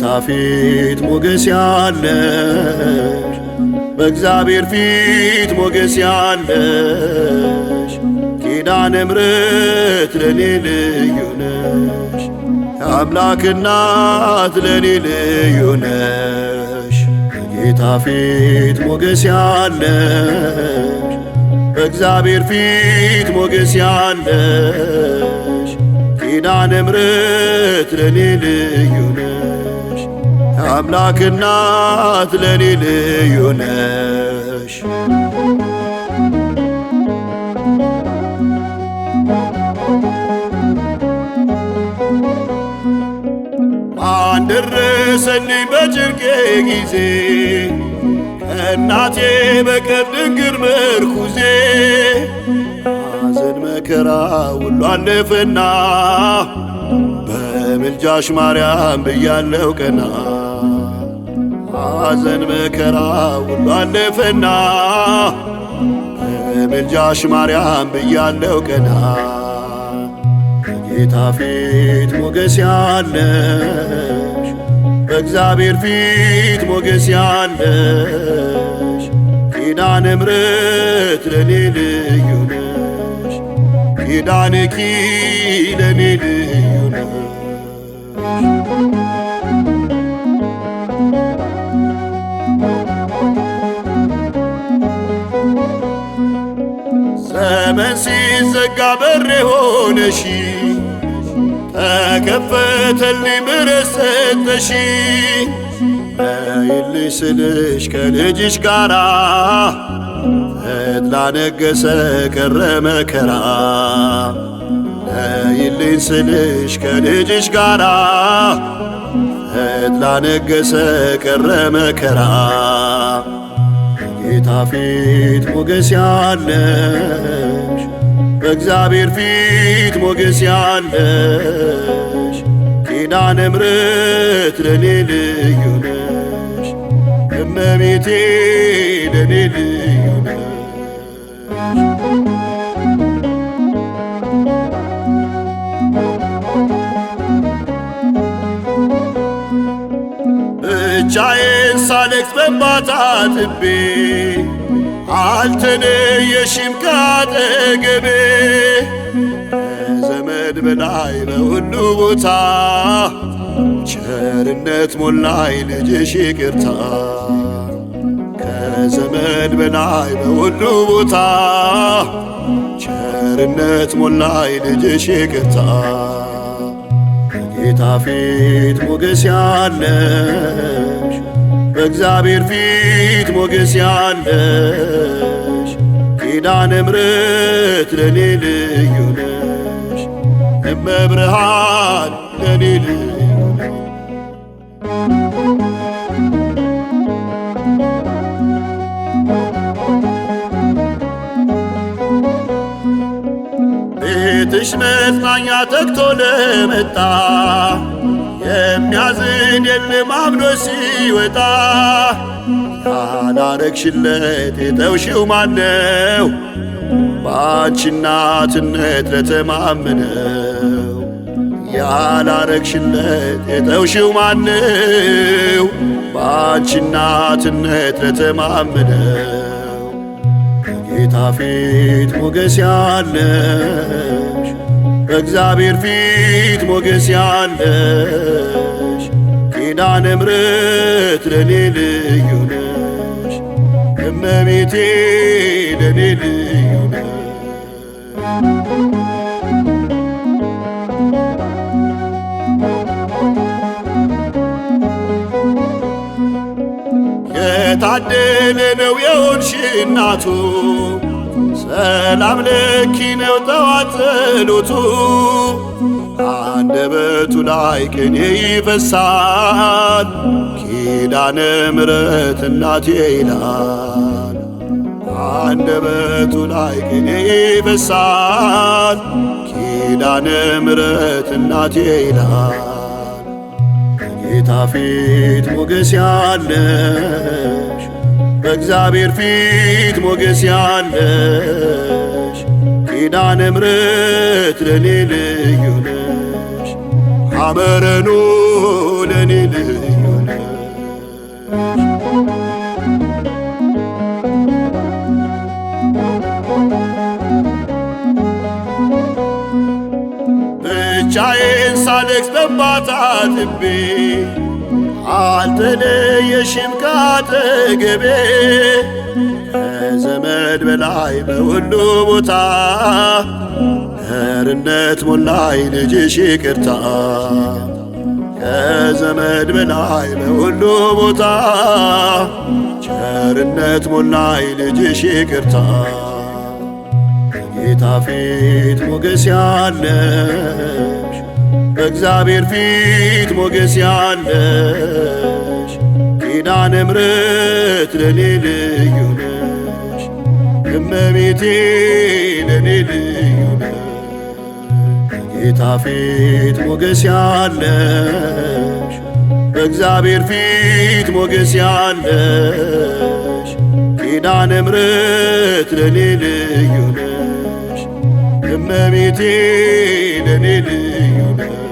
በጌታ ፊት ሞገስ ያለሽ በእግዚአብሔር ፊት ሞገስ ያለሽ ኪዳነ ምሕረት ለኔ ልዩ ነሽ የአምላክ እናት ለኔ ልዩ ነሽ በጌታ ፊት ሞገስ ያለሽ በእግዚአብሔር ፊት ሞገስ ያለሽ ኪዳነ ምሕረት ለኔ ልዩ ነሽ አምላክ እናት ለኔ ልዩ ነሽ። ማን ደረሰልኝ በጭንቄ ጊዜ እናቴ በቀር ድንግል መርኩዜ አዘን መከራ ሁሉ አለፈና በምልጃሽ ማርያም ብያለው ቀና ሐዘን መከራ ሁሉ አለፈና በምልጃሽ ማርያም ብያለው ቀና በጌታ ፊት ሞገስ ያለሽ በእግዚአብሔር ፊት ሞገስ ያለሽ ኪዳነ ምሕረት ለኔ ልዩ ነሽ ኪዳነ ኪ ለኔ ልዩ ሲዘጋ በር ሆነሽ ተከፈተልኝ ምህረት ሰጠሽ በይልሽ ስልሽ ከልጅሽ ጋራ ተድላ ነገሰ ቀረ መከራ ነይልኝ ስልሽ ከልጅሽ ጋራ ተድላ ነገሰ ቀረ መከራ ጌታ ፊት ሞገስ ያለሽ በእግዚአብሔር ፊት ሞገስ ያለሽ ኪዳነ ምሕረት ለኔ ልዩ ነሽ እመቤቴ ለኔ ልዩ ነሽ በእንባ ታጥቤ አልተለየሽም ካጠገቤ ዘመድ በላይ በሁሉ ቦታ ቸርነት ሞላይ ልጅሽ ይቅርታ ከዘመድ በላይ በሁሉ ቦታ ቸርነት ሞላይ ልጅሽ ይቅርታ ጌታ ፊት ሞገስ ያለሽ በእግዚአብሔር ፊት ሞገስ ያለሽ ኪዳነ ምሕረት ለኔ ልዩ ነሽ እመብርሃን ለኔ ልዩ ቤትሽ መጽናኛ ተግቶ ለመጣ የሚያዝን የለም አምኖ ሲወጣ ያላረግሽለት የተውሽው ማነው? ባንቺ እናትነት ለተማመነው ያላረግሽለት የተውሽው ማነው? ባንቺ እናትነት ለተማመነው ጌታ ፊት ሞገስ ያለው በእግዚአብሔር ፊት ሞገስ ያለሽ ኪዳነ ምሕረት ለኔ ልዩ ነሽ እመቤቴ ለኔ ልዩ ነሽ። የታደለ ነው የሆንሽ እናቱ ሰላም ለኪ ነው ጠዋት ጸሎቱ አንደበቱ ላይ ቅኔ ይፈሳል ኪዳነ ምሕረት እናቴ ይላል አንደበቱ ላይ ቅኔ ይፈሳል ኪዳነ ምሕረት እናቴ ይላል ጌታ ፊት ሞገስ ያለሽ በእግዚአብሔር ፊት ሞገስ ያለሽ ኪዳነ ምሕረት ለኔ ልዩ ነሽ አመረኑ ለኔ ልዩ ነሽ ብቻዬን ሳለቅስ ጠባታ ልቤ አልተለየሽም ካጠገቤ ከዘመድ በላይ በሁሉ ቦታ ርነት ሞላኝ ልጅሽ ይቅርታ ከዘመድ በላይ በሁሉ ቦታ ቸርነት ሞላኝ ልጅሽ ይቅርታ ጌታ ፊት ሞገስ ያለሽ በእግዚአብሔር ፊት ሞገስ ያለሽ ኪዳነ ምሕረት ለኔ ልዩ ነሽ እመቤቴ ለኔ ልዩ ነሽ ጌታ ፊት ሞገስ ያለሽ በእግዚአብሔር ፊት ሞገስ ያለሽ ኪዳነ ምሕረት ለኔ ልዩ ነሽ እመቤቴ ለኔ ልዩ